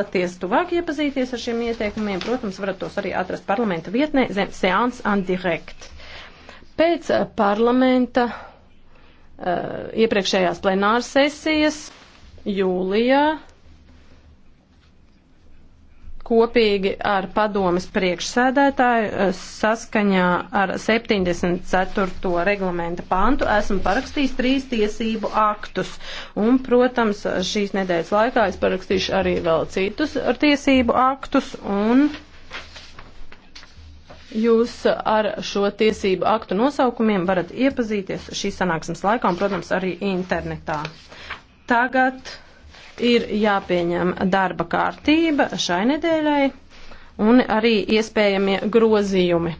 vēlaties tuvāk iepazīties ar šiem ieteikumiem, protams, varat tos arī atrast parlamenta vietnē zem Seans and Direct. Pēc eh, parlamenta uh, iepriekšējās plenāras sesijas jūlijā kopīgi ar padomas priekšsēdētāju eh, saskaņā ar 74. reglamenta pantu esmu parakstījis trīs tiesību aktus. Un, protams, šīs nedēļas laikā es parakstīšu arī vēl citus ar tiesību aktus un jūs ar šo tiesību aktu nosaukumiem varat iepazīties šīs sanāksmes laikā un, protams, arī internetā. Tagad ir jāpieņem darba kārtība šai nedēļai un arī iespējamie grozījumi.